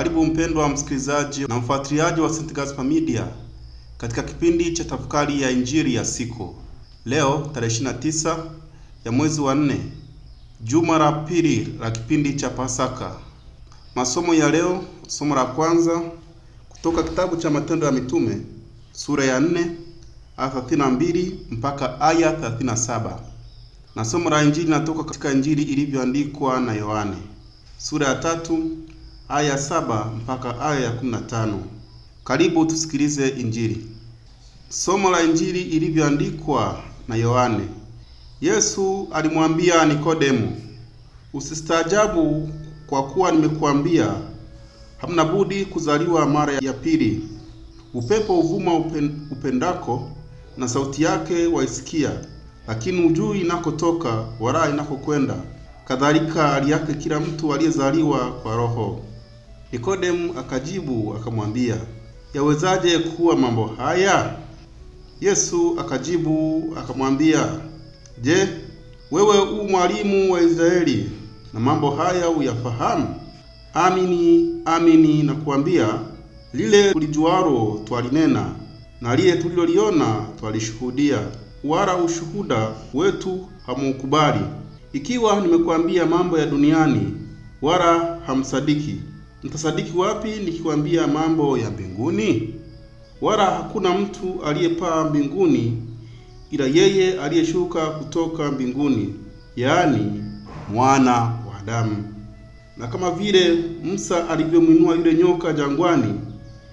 Karibu mpendwa msikilizaji na mfuatiliaji wa St. Gaspar Media katika kipindi cha tafakari ya injili ya siku leo tarehe 29 ya mwezi wa nne, juma la pili la kipindi cha Pasaka. Masomo ya leo, somo la kwanza kutoka kitabu cha Matendo ya Mitume sura ya 4 aya 32 mpaka aya 37, na somo la injili natoka katika Injili ilivyoandikwa na Yohane sura ya tatu aya saba mpaka aya ya kumi na tano. Karibu tusikilize Injili. Somo la Injili ilivyoandikwa na Yohane. Yesu alimwambia nikodemu usistaajabu kwa kuwa nimekuambia, hamna budi kuzaliwa mara ya pili. Upepo uvuma upen, upendako na sauti yake waisikia, lakini ujui inakotoka wala inakokwenda. Kadhalika hali yake kila mtu aliyezaliwa kwa Roho. Nikodemu akajibu akamwambia, yawezaje kuwa mambo haya? Yesu akajibu akamwambia, je, wewe u mwalimu wa Israeli na mambo haya uyafahamu? Amini amini nakuambia, lile tulijualo twalinena na lile tuliloliona twalishuhudia, wala ushuhuda wetu hamukubali. Ikiwa nimekuambia mambo ya duniani, wala hamsadiki, Mtasadiki wapi nikikwambia mambo ya mbinguni? Wala hakuna mtu aliyepaa mbinguni ila yeye aliyeshuka kutoka mbinguni, yaani mwana wa Adamu. Na kama vile Musa alivyomwinua yule nyoka jangwani,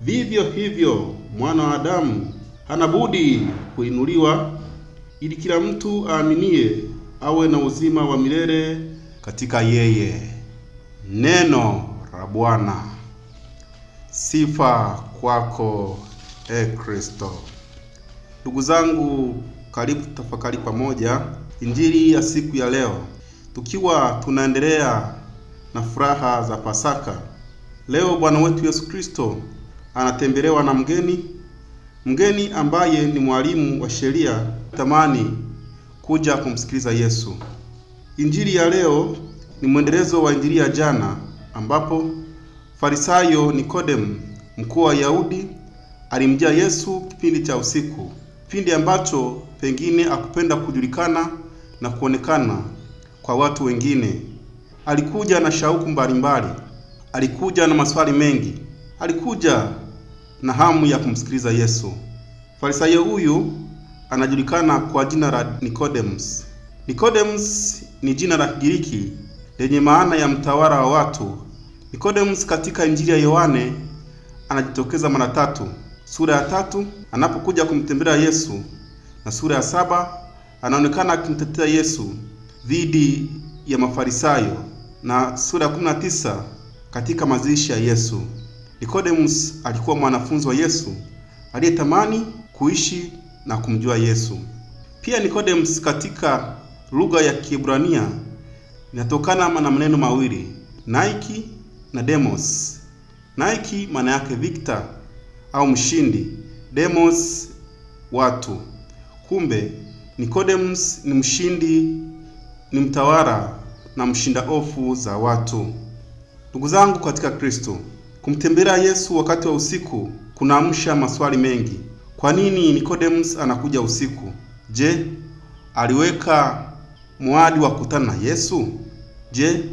vivyo hivyo mwana wa Adamu hana budi kuinuliwa, ili kila mtu aaminiye awe na uzima wa milele katika yeye. Neno la Bwana. Sifa kwako e Kristo. Ndugu zangu, karibu tafakari pamoja injili ya siku ya leo, tukiwa tunaendelea na furaha za Pasaka. Leo Bwana wetu Yesu Kristo anatembelewa na mgeni, mgeni ambaye ni mwalimu wa sheria tamani kuja kumsikiliza Yesu. Injili ya leo ni mwendelezo wa injili ya jana ambapo Farisayo Nikodemu, mkuu wa yahudi alimjia Yesu kipindi cha usiku, kipindi ambacho pengine akupenda kujulikana na kuonekana kwa watu wengine. Alikuja na shauku mbalimbali, alikuja na maswali mengi, alikuja na hamu ya kumsikiliza Yesu. Farisayo huyu anajulikana kwa jina la nikodemus nikodemus ni jina la Kigiriki lenye maana ya mtawala wa watu Nikodemus katika Injili ya Yohane anajitokeza mara tatu. Sura ya tatu anapokuja kumtembelea Yesu na sura ya saba anaonekana akimtetea Yesu dhidi ya Mafarisayo na sura ya tisa katika mazishi ya Yesu. Nikodemus alikuwa mwanafunzi wa Yesu aliyetamani kuishi na kumjua Yesu. Pia Nikodemus katika lugha ya Kiebrania inatokana na maneno mawili naiki na demos. Nike maana yake victor au mshindi, demos watu. Kumbe Nicodemus ni mshindi, ni mtawala na mshinda ofu za watu. Ndugu zangu katika Kristo, kumtembelea Yesu wakati wa usiku kunaamsha maswali mengi. Kwa nini Nicodemus anakuja usiku? Je, aliweka muadi wa kutana na Yesu? Je,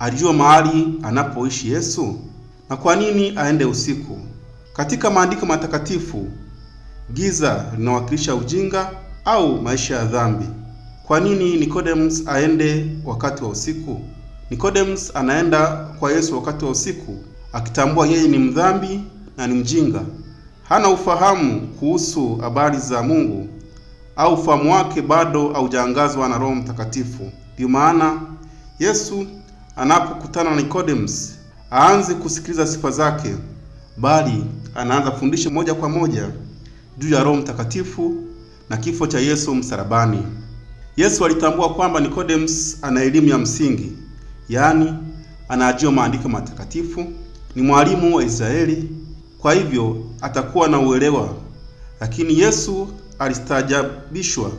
alijua mahali anapoishi Yesu na kwa nini aende usiku. Katika maandiko matakatifu, giza linawakilisha ujinga au maisha ya dhambi. Kwa nini Nicodemus aende wakati wa usiku? Nicodemus anaenda kwa Yesu wakati wa usiku akitambua yeye ni mdhambi na ni mjinga. Hana ufahamu kuhusu habari za Mungu au ufahamu wake bado haujaangazwa na Roho Mtakatifu. Ndiyo maana Yesu anapokutana na Nicodemus, aanze kusikiliza sifa zake, bali anaanza fundisha moja kwa moja juu ya Roho Mtakatifu na kifo cha Yesu msalabani. Yesu alitambua kwamba Nicodemus ana elimu ya msingi, yaani anajua maandiko matakatifu, ni mwalimu wa Israeli, kwa hivyo atakuwa na uelewa. Lakini Yesu alistaajabishwa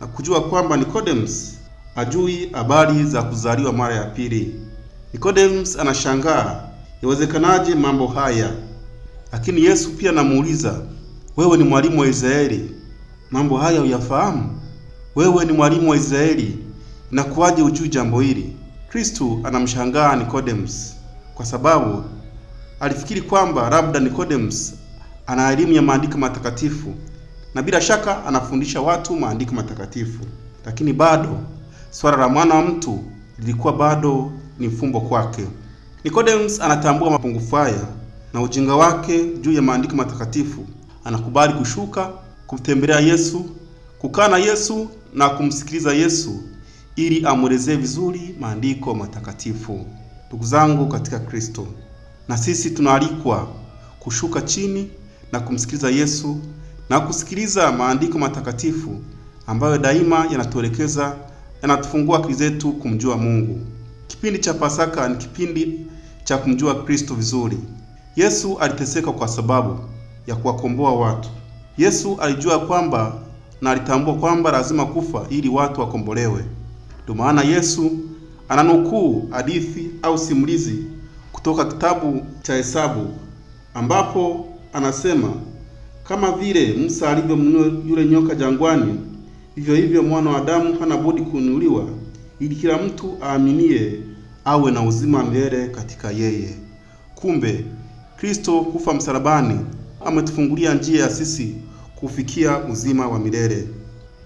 na kujua kwamba Nicodemus ajui habari za kuzaliwa mara ya pili. Nicodemus anashangaa yawezekanaje mambo haya, lakini Yesu pia anamuuliza, wewe ni mwalimu wa Israeli, mambo haya uyafahamu Wewe ni mwalimu wa Israeli, inakuwaje ujui jambo hili? Kristu anamshangaa Nicodemus kwa sababu alifikiri kwamba labda Nicodemus ana elimu ya maandiko matakatifu na bila shaka anafundisha watu maandiko matakatifu, lakini bado Swala la mwana wa mtu lilikuwa bado ni mfumbo kwake. Nikodemus anatambua mapungufu haya na ujinga wake juu ya maandiko matakatifu. Anakubali kushuka, kumtembelea Yesu, kukaa na Yesu na kumsikiliza Yesu ili amwelezee vizuri maandiko matakatifu. Ndugu zangu katika Kristo, na sisi tunaalikwa kushuka chini na kumsikiliza Yesu na kusikiliza maandiko matakatifu ambayo daima yanatuelekeza yanatufungua akili zetu kumjua Mungu. Kipindi cha Pasaka ni kipindi cha kumjua Kristo vizuri. Yesu aliteseka kwa sababu ya kuwakomboa watu. Yesu alijua kwamba na alitambua kwamba lazima kufa ili watu wakombolewe. Ndio maana Yesu ananukuu hadithi au simulizi kutoka kitabu cha Hesabu ambapo anasema kama vile Musa alivyomnua yule nyoka jangwani Vivyo hivyo mwana wa Adamu hana budi kuinuliwa, ili kila mtu aaminie awe na uzima milele katika yeye. Kumbe Kristo kufa msalabani ametufungulia njia ya sisi kufikia uzima wa milele.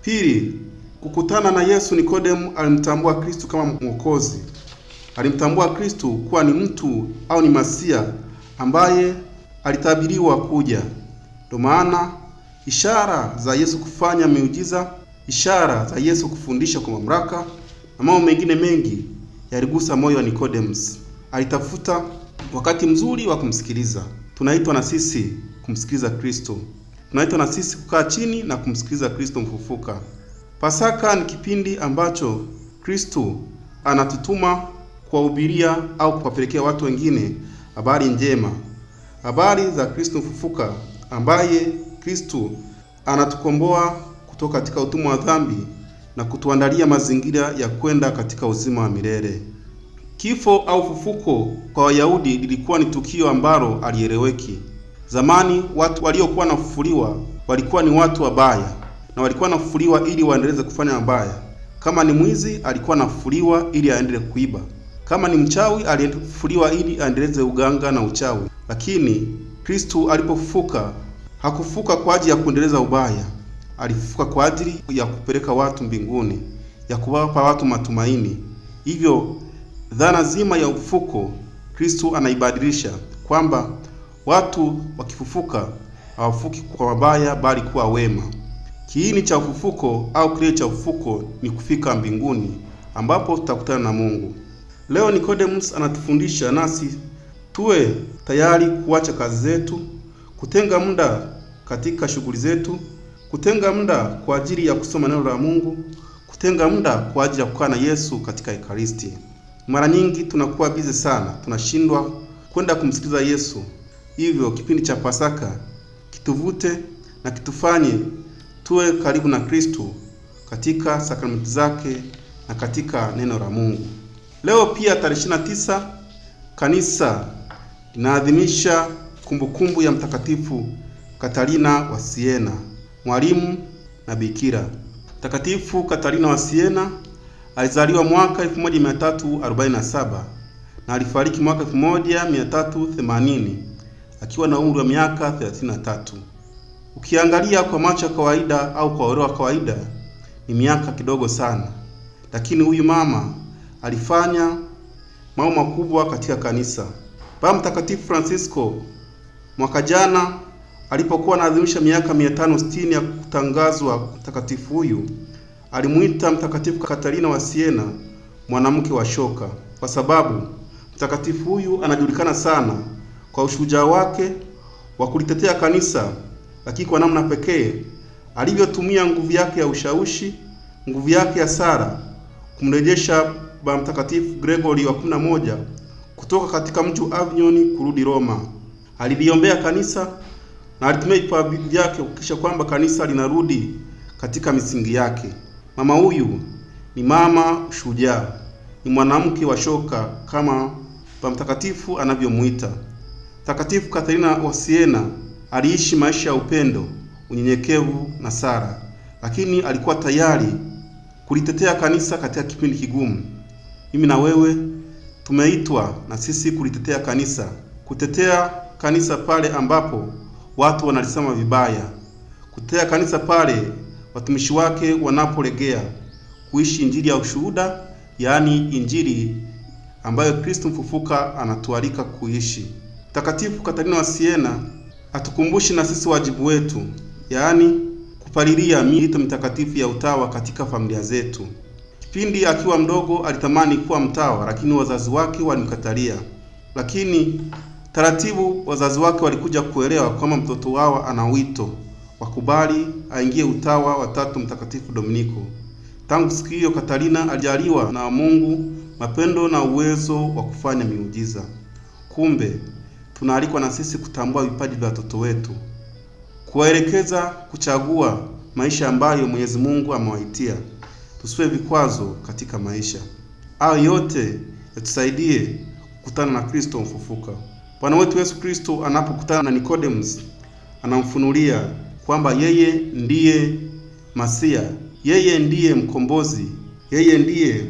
Pili, kukutana na Yesu. Nikodemu alimtambua Kristo kama Mwokozi. Alimtambua Kristo kuwa ni mtu au ni Masia ambaye alitabiriwa kuja. Ndio maana ishara za Yesu kufanya miujiza ishara za Yesu kufundisha kwa mamlaka na mambo mengine mengi yaligusa moyo wa Nicodemus. Alitafuta wakati mzuri wa kumsikiliza. Tunaitwa na sisi kumsikiliza Kristo. Tunaitwa na sisi kukaa chini na kumsikiliza Kristo mfufuka. Pasaka ni kipindi ambacho Kristo anatutuma kuwahubiria au kuwapelekea watu wengine habari njema, habari za Kristo mfufuka ambaye Kristo anatukomboa kutoka katika utumwa wa dhambi na kutuandalia mazingira ya kwenda katika uzima wa milele. Kifo au fufuko kwa Wayahudi lilikuwa ni tukio ambalo alieleweki. Zamani watu waliokuwa nafufuliwa walikuwa ni watu wabaya na walikuwa nafufuliwa ili waendeleze kufanya mabaya. Kama ni mwizi, alikuwa nafufuliwa ili aendelee kuiba. Kama ni mchawi, alifufuliwa ili aendeleze uganga na uchawi. Lakini Kristu alipofufuka hakufuka kwa ajili ya kuendeleza ubaya alifufuka kwa ajili ya kupeleka watu mbinguni, ya kuwapa watu matumaini. Hivyo dhana zima ya ufufuko Kristo anaibadilisha kwamba watu wakifufuka hawafuki kwa mabaya, bali kuwa wema. Kiini cha ufufuko au kilele cha ufufuko ni kufika mbinguni ambapo tutakutana na Mungu. Leo Nicodemus anatufundisha nasi tuwe tayari kuacha kazi zetu, kutenga muda katika shughuli zetu kutenga muda kwa ajili ya kusoma neno la Mungu, kutenga muda kwa ajili ya kukaa na Yesu katika Ekaristi. Mara nyingi tunakuwa bize sana, tunashindwa kwenda kumsikiliza Yesu. Hivyo kipindi cha Pasaka kituvute na kitufanye tuwe karibu na Kristo katika sakramenti zake na katika neno la Mungu. Leo pia tarehe 29 kanisa linaadhimisha kumbukumbu ya Mtakatifu Katarina wa Siena mwalimu na bikira. Mtakatifu Katarina wa Siena alizaliwa mwaka 1347 na alifariki mwaka 1380 akiwa na umri wa miaka 33. Ukiangalia kwa macho ya kawaida au kwa uelewa wa kawaida ni miaka kidogo sana, lakini huyu mama alifanya mambo makubwa katika kanisa. Baba Mtakatifu Francisco mwaka jana Alipokuwa anaadhimisha miaka 560 ya kutangazwa mtakatifu huyu, alimwita Mtakatifu Katarina wa Siena mwanamke wa shoka, kwa sababu mtakatifu huyu anajulikana sana kwa ushujaa wake wa kulitetea kanisa, lakini kwa namna pekee alivyotumia nguvu yake ya ushawishi, nguvu yake ya sara kumrejesha Baba Mtakatifu Gregory wa 11 kutoka katika mji Avignon kurudi Roma. Aliliombea kanisa na alitumia vipawa vyake kuhakikisha kwamba kanisa linarudi katika misingi yake. Mama huyu ni mama shujaa, ni mwanamke wa shoka kama Baba Mtakatifu anavyomwita. Takatifu Katharina wa Siena aliishi maisha ya upendo, unyenyekevu na sara, lakini alikuwa tayari kulitetea kanisa katika kipindi kigumu. Mimi na wewe tumeitwa na sisi kulitetea kanisa, kutetea kanisa pale ambapo watu wanalisema vibaya, kutetea kanisa pale watumishi wake wanapolegea kuishi injili ya ushuhuda, yaani injili ambayo Kristo mfufuka anatualika kuishi. Mtakatifu Katarina wa Siena atukumbushi na sisi wajibu wetu, yaani kupalilia miito mitakatifu ya utawa katika familia zetu. Kipindi akiwa mdogo alitamani kuwa mtawa, lakini wazazi wake walimkatalia, lakini Taratibu wazazi wake walikuja kuelewa kwamba mtoto wao ana wito wakubali aingie utawa wa Tatu Mtakatifu Dominiko. Tangu siku hiyo Katarina alijaliwa na Mungu mapendo na uwezo wa kufanya miujiza. Kumbe tunaalikwa na sisi kutambua vipaji vya watoto wetu, kuwaelekeza kuchagua maisha ambayo Mwenyezi Mungu amewaitia, tusiwe vikwazo katika maisha. Hayo yote yatusaidie kukutana na Kristo mfufuka. Bwana wetu Yesu Kristo anapokutana na Nikodemus, anamfunulia kwamba yeye ndiye Masia, yeye ndiye mkombozi, yeye ndiye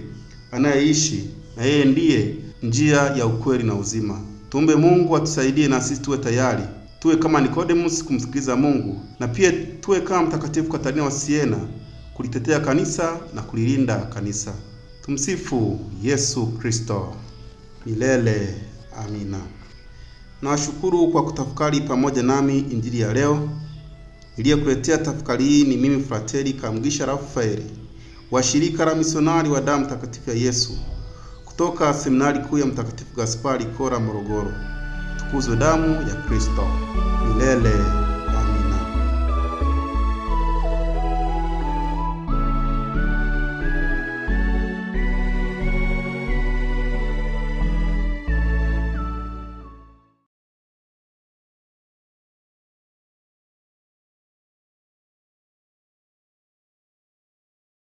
anayeishi na yeye ndiye njia ya ukweli na uzima. tumbe Mungu atusaidie na sisi tuwe tayari, tuwe kama Nikodemus kumsikiliza Mungu, na pia tuwe kama Mtakatifu Katarina wa Siena kulitetea kanisa na kulilinda kanisa. Tumsifu Yesu Kristo milele. Amina. Nawashukuru kwa kutafakari pamoja nami injili ya leo. Niliyekuletea tafakari hii ni mimi Frateli Kamugisha Rafaeli wa shirika la misionari wa damu takatifu ya Yesu kutoka seminari kuu ya Mtakatifu Gaspari kora Morogoro. Tukuzwe damu ya Kristo milele!